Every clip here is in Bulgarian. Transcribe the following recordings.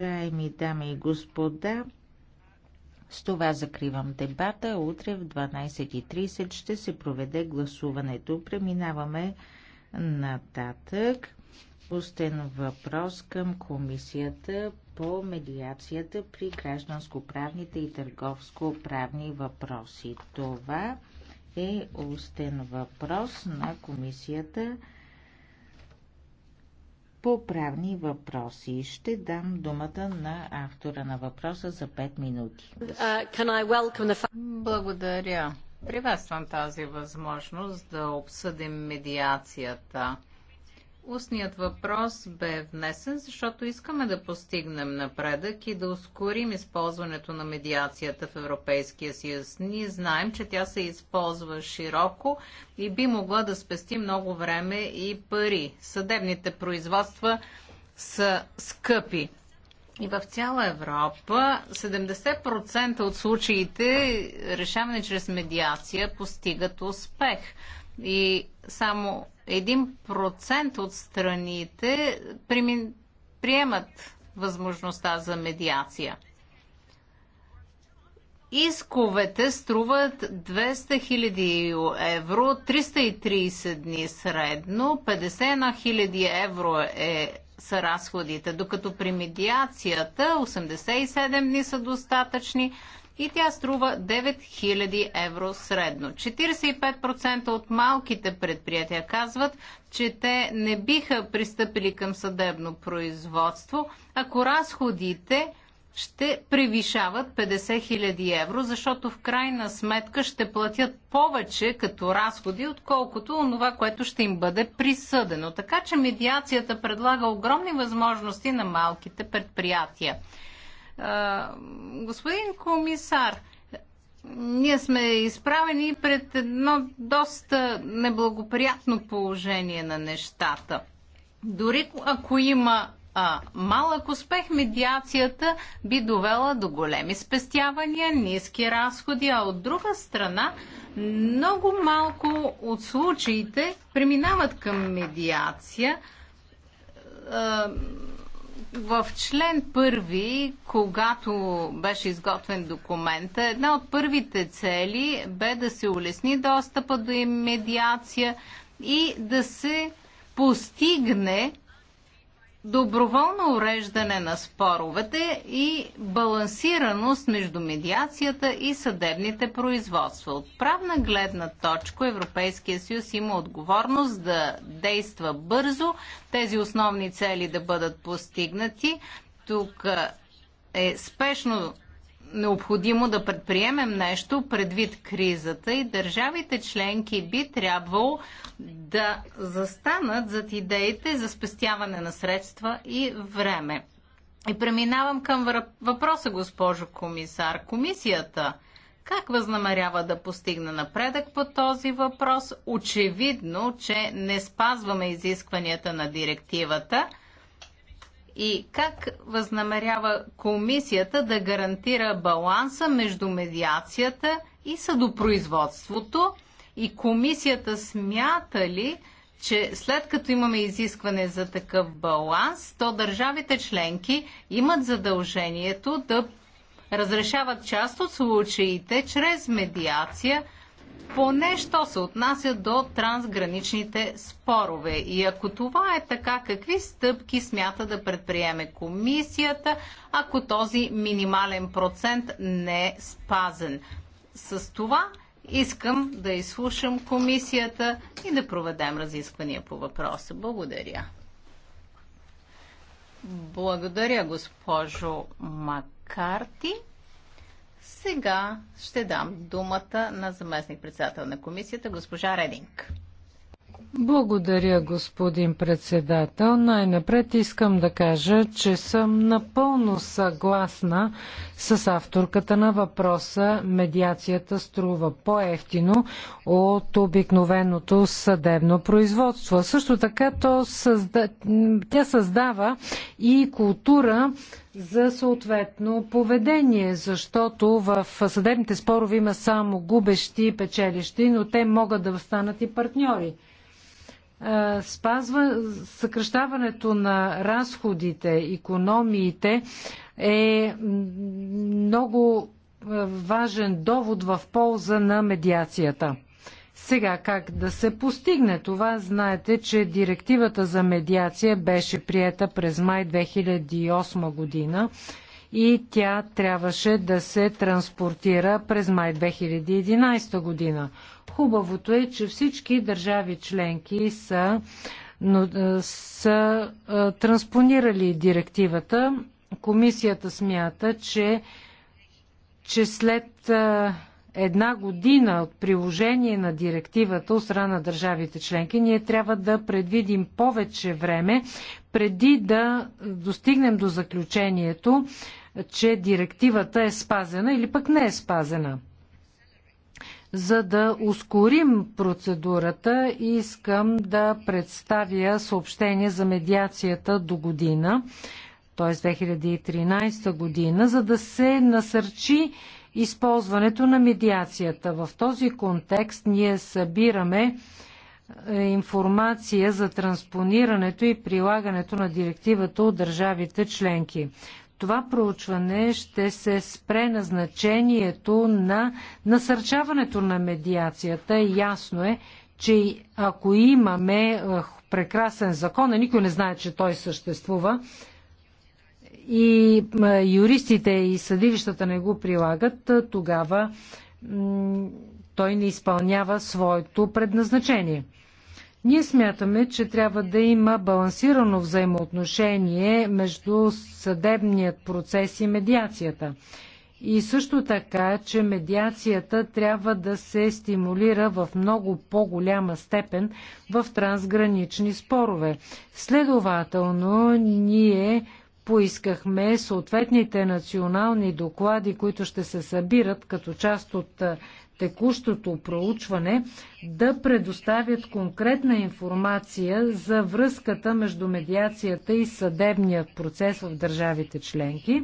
Уважаеми дами и господа, с това закривам дебата. Утре в 12.30 ще се проведе гласуването. Преминаваме нататък. Пустен въпрос към Комисията по медиацията при гражданско-правните и търговско-правни въпроси. Това е устен въпрос на Комисията по правни въпроси. Ще дам думата на автора на въпроса за 5 минути. Uh, Благодаря. Приветствам тази възможност да обсъдим медиацията. Устният въпрос бе внесен, защото искаме да постигнем напредък и да ускорим използването на медиацията в Европейския съюз. Ние знаем, че тя се използва широко и би могла да спести много време и пари. Съдебните производства са скъпи. И в цяла Европа 70% от случаите решаване чрез медиация постигат успех. И само един процент от страните приемат възможността за медиация. Исковете струват 200 000 евро, 330 дни средно, 51 000 евро е, са разходите, докато при медиацията 87 дни са достатъчни, и тя струва 9000 евро средно. 45% от малките предприятия казват, че те не биха пристъпили към съдебно производство, ако разходите ще превишават 50 000 евро, защото в крайна сметка ще платят повече като разходи, отколкото онова, което ще им бъде присъдено. Така че медиацията предлага огромни възможности на малките предприятия господин комисар, ние сме изправени пред едно доста неблагоприятно положение на нещата. Дори ако има а, малък успех, медиацията би довела до големи спестявания, ниски разходи, а от друга страна много малко от случаите преминават към медиация. А, в член първи, когато беше изготвен документа, една от първите цели бе да се улесни достъпа до медиация и да се постигне доброволно уреждане на споровете и балансираност между медиацията и съдебните производства. От правна гледна точка Европейския съюз има отговорност да действа бързо, тези основни цели да бъдат постигнати. Тук е спешно необходимо да предприемем нещо предвид кризата и държавите членки би трябвало да застанат зад идеите за спестяване на средства и време. И преминавам към въпроса, госпожо комисар. Комисията как възнамерява да постигне напредък по този въпрос? Очевидно, че не спазваме изискванията на директивата – и как възнамерява комисията да гарантира баланса между медиацията и съдопроизводството и комисията смята ли, че след като имаме изискване за такъв баланс, то държавите членки имат задължението да разрешават част от случаите чрез медиация – поне що се отнася до трансграничните спорове. И ако това е така, какви стъпки смята да предприеме комисията, ако този минимален процент не е спазен? С това искам да изслушам комисията и да проведем разисквания по въпроса. Благодаря. Благодаря, госпожо Макарти. Сега ще дам думата на заместник председател на комисията, госпожа Рединг. Благодаря, господин председател. Най-напред искам да кажа, че съм напълно съгласна с авторката на въпроса. Медиацията струва по-ефтино от обикновеното съдебно производство. Също така то създа... тя създава и култура за съответно поведение, защото в съдебните спорове има само губещи и печелищи, но те могат да станат и партньори спазва съкръщаването на разходите, економиите е много важен довод в полза на медиацията. Сега как да се постигне това? Знаете, че директивата за медиация беше приета през май 2008 година и тя трябваше да се транспортира през май 2011 година. Хубавото е, че всички държави членки са, но, е, са е, транспонирали директивата. Комисията смята, че, че след е, една година от приложение на директивата от страна на държавите членки, ние трябва да предвидим повече време преди да достигнем до заключението, че директивата е спазена или пък не е спазена. За да ускорим процедурата, искам да представя съобщение за медиацията до година, т.е. 2013 година, за да се насърчи използването на медиацията. В този контекст ние събираме е, информация за транспонирането и прилагането на директивата от държавите членки това проучване ще се спре на значението на насърчаването на медиацията. Ясно е, че ако имаме прекрасен закон, а никой не знае, че той съществува, и юристите и съдилищата не го прилагат, тогава той не изпълнява своето предназначение. Ние смятаме, че трябва да има балансирано взаимоотношение между съдебният процес и медиацията. И също така, че медиацията трябва да се стимулира в много по-голяма степен в трансгранични спорове. Следователно, ние поискахме съответните национални доклади, които ще се събират като част от текущото проучване да предоставят конкретна информация за връзката между медиацията и съдебния процес в държавите членки.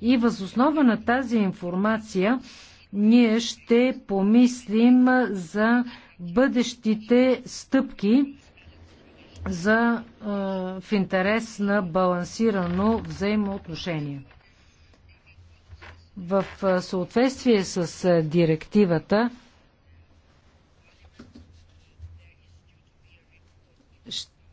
И възоснова на тази информация ние ще помислим за бъдещите стъпки за, е, в интерес на балансирано взаимоотношение. В съответствие с директивата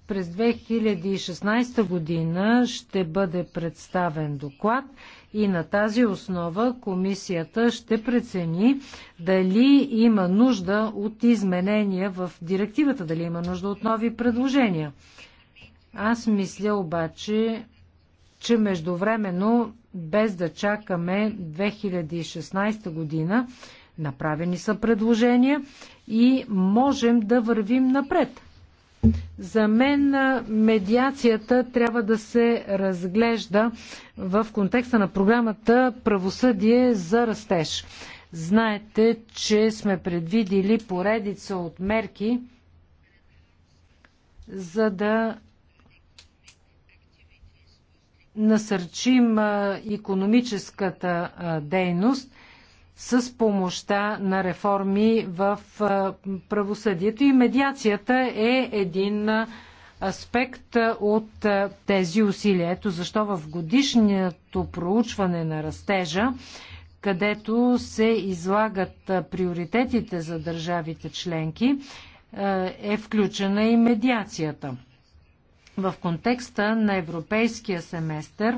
през 2016 година ще бъде представен доклад и на тази основа комисията ще прецени дали има нужда от изменения в директивата, дали има нужда от нови предложения. Аз мисля обаче, че междувременно, без да чакаме 2016 година, направени са предложения и можем да вървим напред. За мен медиацията трябва да се разглежда в контекста на програмата Правосъдие за растеж. Знаете, че сме предвидили поредица от мерки, за да насърчим економическата дейност с помощта на реформи в правосъдието и медиацията е един аспект от тези усилия. Ето защо в годишното проучване на растежа, където се излагат приоритетите за държавите членки, е включена и медиацията. В контекста на европейския семестър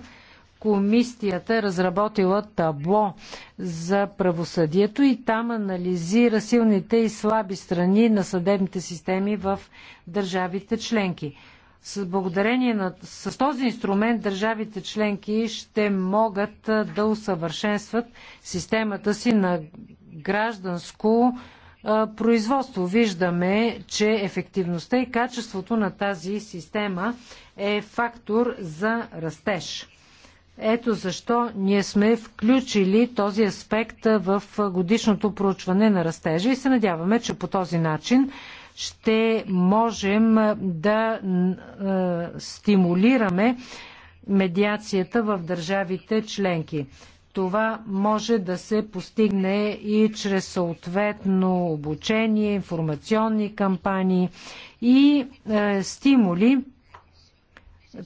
комисията е разработила табло за правосъдието и там анализира силните и слаби страни на съдебните системи в държавите членки. С, благодарение на, с този инструмент държавите членки ще могат да усъвършенстват системата си на гражданско производство. Виждаме, че ефективността и качеството на тази система е фактор за растеж. Ето защо ние сме включили този аспект в годишното проучване на растежа и се надяваме, че по този начин ще можем да стимулираме медиацията в държавите членки. Това може да се постигне и чрез съответно обучение, информационни кампании и е, стимули,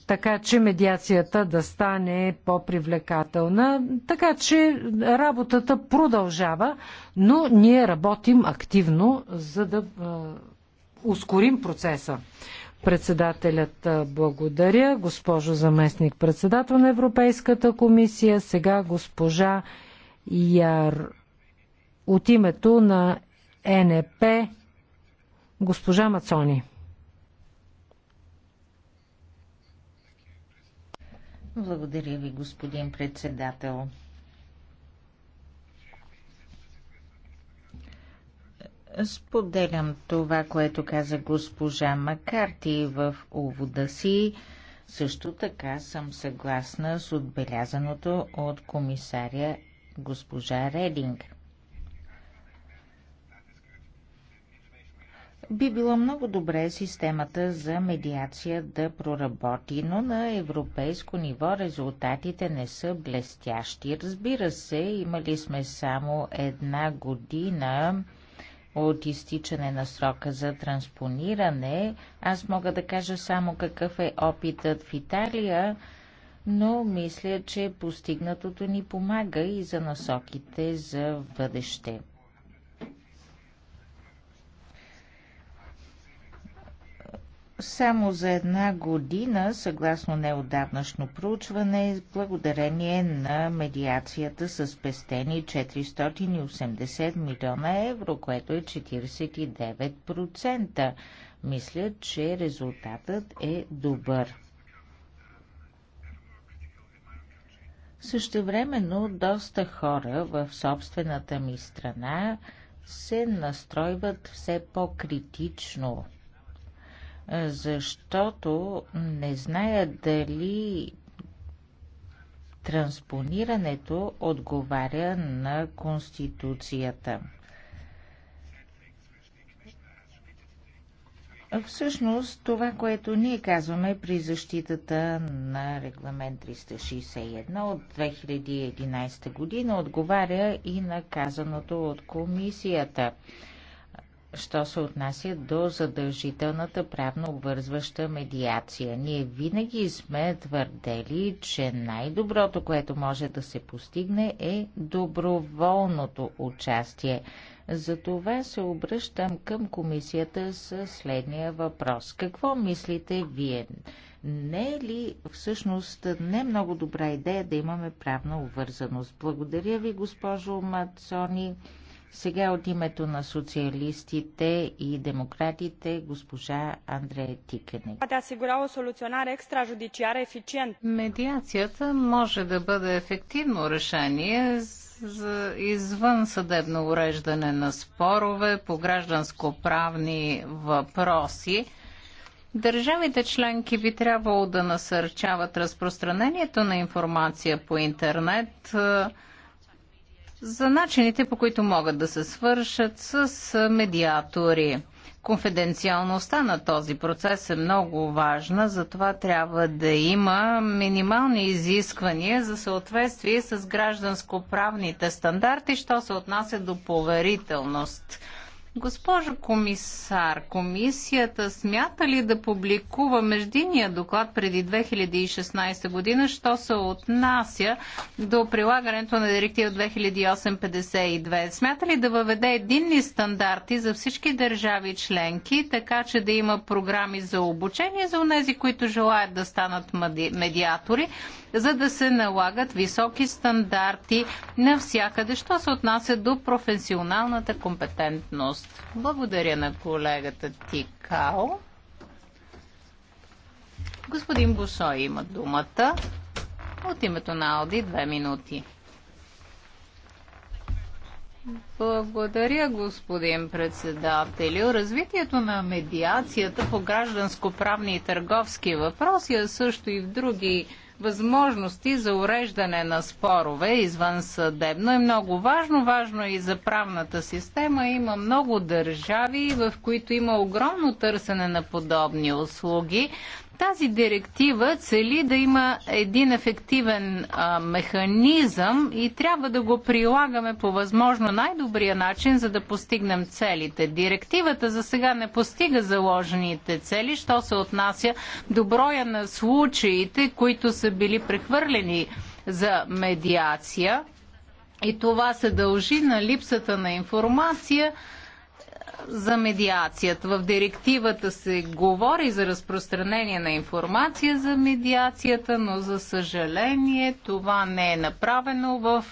така че медиацията да стане по-привлекателна. Така че работата продължава, но ние работим активно, за да е, ускорим процеса. Председателят благодаря. Госпожо заместник председател на Европейската комисия, сега госпожа Яр от името на НП госпожа Мацони. Благодаря ви, господин председател. Споделям това, което каза госпожа Макарти в увода си. Също така съм съгласна с отбелязаното от комисаря госпожа Рединг. Би било много добре системата за медиация да проработи, но на европейско ниво резултатите не са блестящи. Разбира се, имали сме само една година от изтичане на срока за транспониране. Аз мога да кажа само какъв е опитът в Италия, но мисля, че постигнатото ни помага и за насоките за бъдеще. само за една година, съгласно неодавнашно проучване, благодарение на медиацията са спестени 480 милиона евро, което е 49%. Мисля, че резултатът е добър. Същевременно доста хора в собствената ми страна се настройват все по-критично – защото не зная дали транспонирането отговаря на Конституцията. Всъщност, това, което ние казваме при защитата на регламент 361 от 2011 година, отговаря и на казаното от комисията що се отнася до задължителната правно обвързваща медиация. Ние винаги сме твърдели, че най-доброто, което може да се постигне е доброволното участие. Затова се обръщам към комисията с следния въпрос. Какво мислите вие? Не е ли всъщност не много добра идея да имаме правна обвързаност? Благодаря ви, госпожо Мацони. Сега от името на социалистите и демократите госпожа Андрея Тикене. Медиацията може да бъде ефективно решение за извън съдебно уреждане на спорове по гражданско-правни въпроси. Държавите членки би трябвало да насърчават разпространението на информация по интернет, за начините по които могат да се свършат с медиатори. Конфиденциалността на този процес е много важна, затова трябва да има минимални изисквания за съответствие с гражданско-правните стандарти, що се отнася до поверителност. Госпожо комисар, комисията смята ли да публикува междиния доклад преди 2016 година, що се отнася до прилагането на директива 2852? Смята ли да въведе единни стандарти за всички държави членки, така че да има програми за обучение за тези, които желаят да станат медиатори, за да се налагат високи стандарти навсякъде, що се отнася до професионалната компетентност? дейност. Благодаря на колегата Тикао. Господин Бусой има думата. От името на Ауди две минути. Благодаря, господин председателю. Развитието на медиацията по гражданско-правни и търговски въпроси, а също и в други възможности за уреждане на спорове извън съдебно е много важно. Важно и за правната система. Има много държави, в които има огромно търсене на подобни услуги. Тази директива цели да има един ефективен а, механизъм и трябва да го прилагаме по възможно най-добрия начин, за да постигнем целите. Директивата за сега не постига заложените цели, що се отнася до броя на случаите, които са били прехвърлени за медиация. И това се дължи на липсата на информация за медиацията. В директивата се говори за разпространение на информация за медиацията, но за съжаление това не е направено в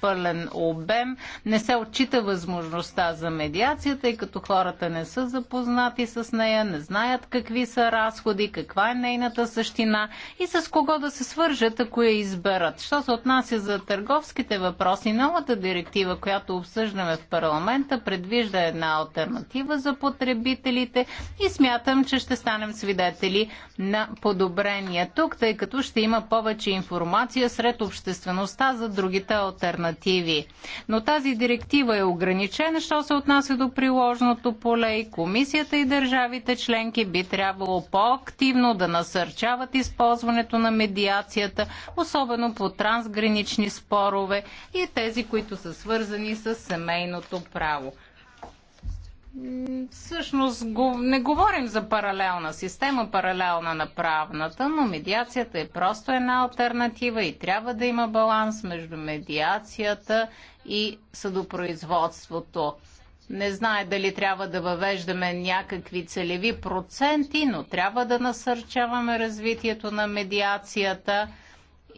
пълен обем. Не се отчита възможността за медиацията, тъй като хората не са запознати с нея, не знаят какви са разходи, каква е нейната същина и с кого да се свържат, ако я изберат. Що се отнася за търговските въпроси, новата директива, която обсъждаме в парламента, предвижда една альтернатива альтернатива за потребителите и смятам, че ще станем свидетели на подобрения тук, тъй като ще има повече информация сред обществеността за другите альтернативи. Но тази директива е ограничена, що се отнася до приложното поле и комисията и държавите членки би трябвало по-активно да насърчават използването на медиацията, особено по трансгранични спорове и тези, които са свързани с семейното право. Всъщност не говорим за паралелна система, паралелна на правната, но медиацията е просто една альтернатива и трябва да има баланс между медиацията и съдопроизводството. Не знае дали трябва да въвеждаме някакви целеви проценти, но трябва да насърчаваме развитието на медиацията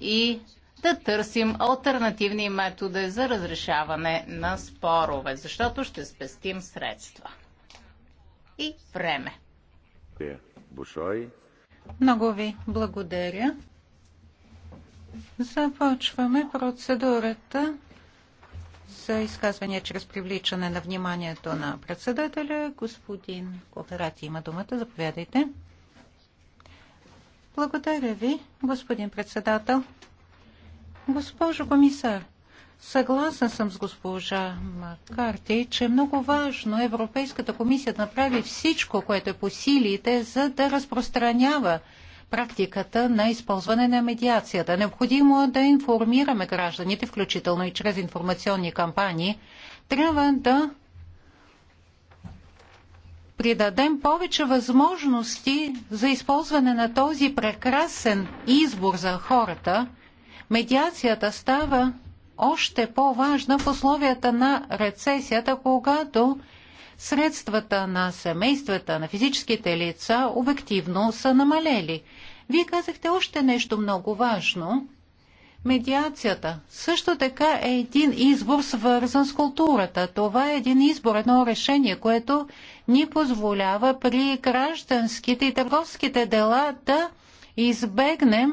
и да търсим альтернативни методи за разрешаване на спорове, защото ще спестим средства и време. Много ви благодаря. Започваме процедурата за изказвания чрез привличане на вниманието на председателя. Господин Коферати има думата. Заповядайте. Благодаря ви, господин председател. Госпожо комисар, съгласен съм с госпожа Макарти, че е много важно е Европейската комисия да направи всичко, което е по силите, за да разпространява практиката на използване на медиацията. Необходимо е да информираме гражданите, включително и чрез информационни кампании. Трябва да придадем повече възможности за използване на този прекрасен избор за хората, медиацията става още по-важна в условията на рецесията, когато средствата на семействата, на физическите лица обективно са намалели. Вие казахте още нещо много важно. Медиацията също така е един избор свързан с културата. Това е един избор, едно решение, което ни позволява при гражданските и търговските дела да избегнем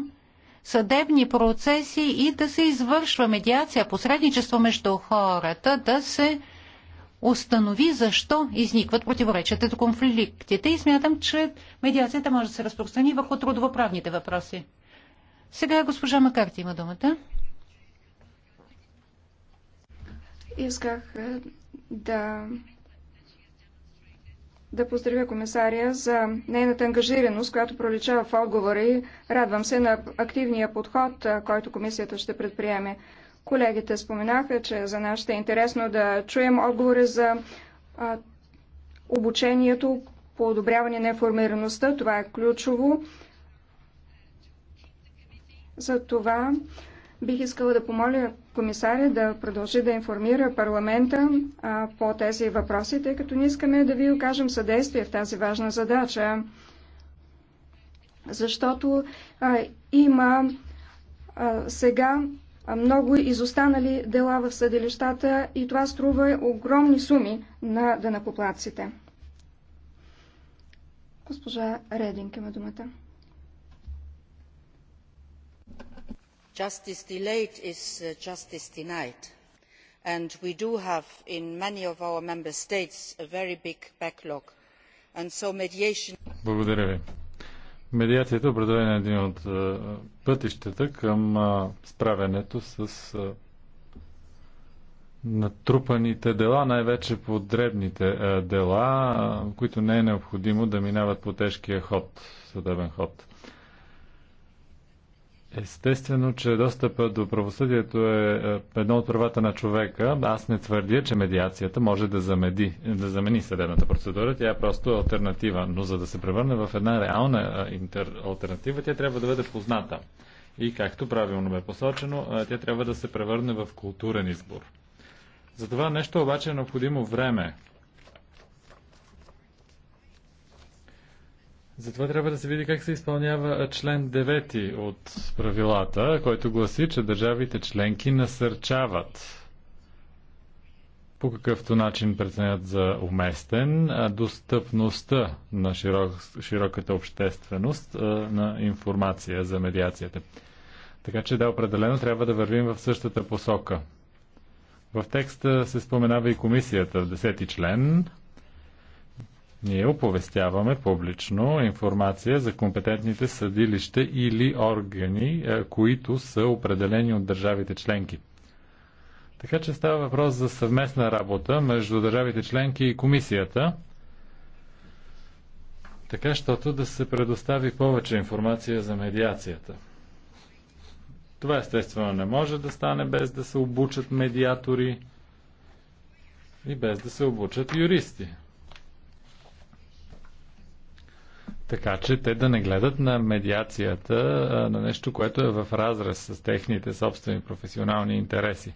съдебни процеси и да се извършва медиация, посредничество между хората, да се установи защо изникват противоречията до конфликтите. И смятам, че медиацията може да се разпространи върху трудовоправните въпроси. Сега госпожа Макарти има думата. Исках е, да да поздравя комисария за нейната ангажираност, която проличава в отговора и радвам се на активния подход, който комисията ще предприеме. Колегите споменаха, че за нас ще е интересно да чуем отговори за а, обучението, по одобряване на информираността. Това е ключово. За това Бих искала да помоля комисаря да продължи да информира парламента а, по тези въпроси, тъй като не искаме да ви окажем съдействие в тази важна задача, защото а, има а, сега много изостанали дела в съдилищата и това струва огромни суми на дънакоплаците. Госпожа Рединг има думата. justice delayed is uh, justice denied and we have in many of our member states a very big backlog and so mediation Благодаря ви. Медиацията определено е един от пътищата към справянето с натрупаните дела, най-вече по дребните дела, които не е необходимо да минават по тежкия ход, съдебен ход. Естествено, че достъпът до правосъдието е, е едно от правата на човека. Аз не твърдя, че медиацията може да замени, да замени съдебната процедура. Тя е просто альтернатива. Но за да се превърне в една реална е, интер... альтернатива, тя трябва да бъде позната. И както правилно бе посочено, е, тя трябва да се превърне в културен избор. За това нещо обаче е необходимо време, Затова трябва да се види как се изпълнява член 9 от правилата, който гласи, че държавите членки насърчават по какъвто начин преценят за уместен достъпността на широк, широката общественост на информация за медиацията. Така че да, определено трябва да вървим в същата посока. В текста се споменава и комисията в 10 член, ние оповестяваме публично информация за компетентните съдилища или органи, е, които са определени от държавите членки. Така че става въпрос за съвместна работа между държавите членки и комисията, така щото да се предостави повече информация за медиацията. Това естествено не може да стане без да се обучат медиатори и без да се обучат юристи. така че те да не гледат на медиацията на нещо, което е в разрез с техните собствени професионални интереси.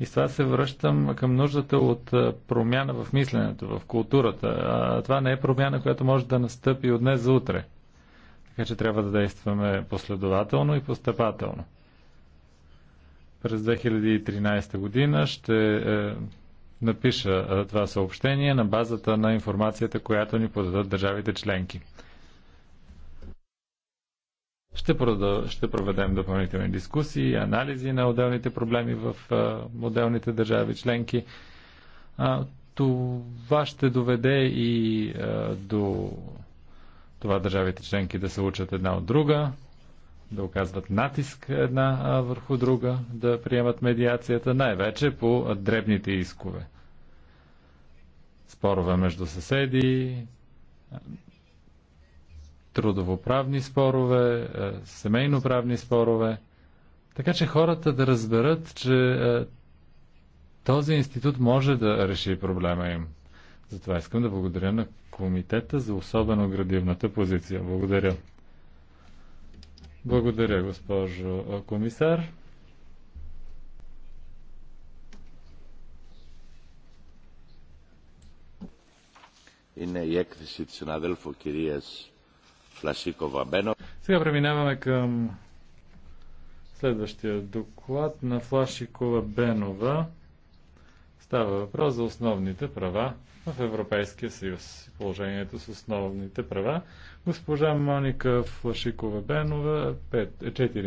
И с това се връщам към нуждата от промяна в мисленето, в културата. Това не е промяна, която може да настъпи от днес за утре. Така че трябва да действаме последователно и постъпателно. През 2013 година ще е, напиша това съобщение на базата на информацията, която ни подадат държавите членки. Ще, продъл... ще проведем допълнителни дискусии, анализи на отделните проблеми в отделните държави членки. Това ще доведе и до това държавите членки да се учат една от друга, да оказват натиск една върху друга, да приемат медиацията, най-вече по дребните искове. Спорове между съседи, трудовоправни спорове, е, семейноправни спорове, така че хората да разберат, че е, този институт може да реши проблема им. Затова искам да благодаря на комитета за особено градивната позиция. Благодаря. Благодаря, госпожо е, комисар. Είναι η έκθεση της συναδέλφου κυρίας сега преминаваме към следващия доклад на Флашикова Бенова. Става въпрос за основните права в Европейския съюз. Положението с основните права. Госпожа Моника Флашикова Бенова, 5, 4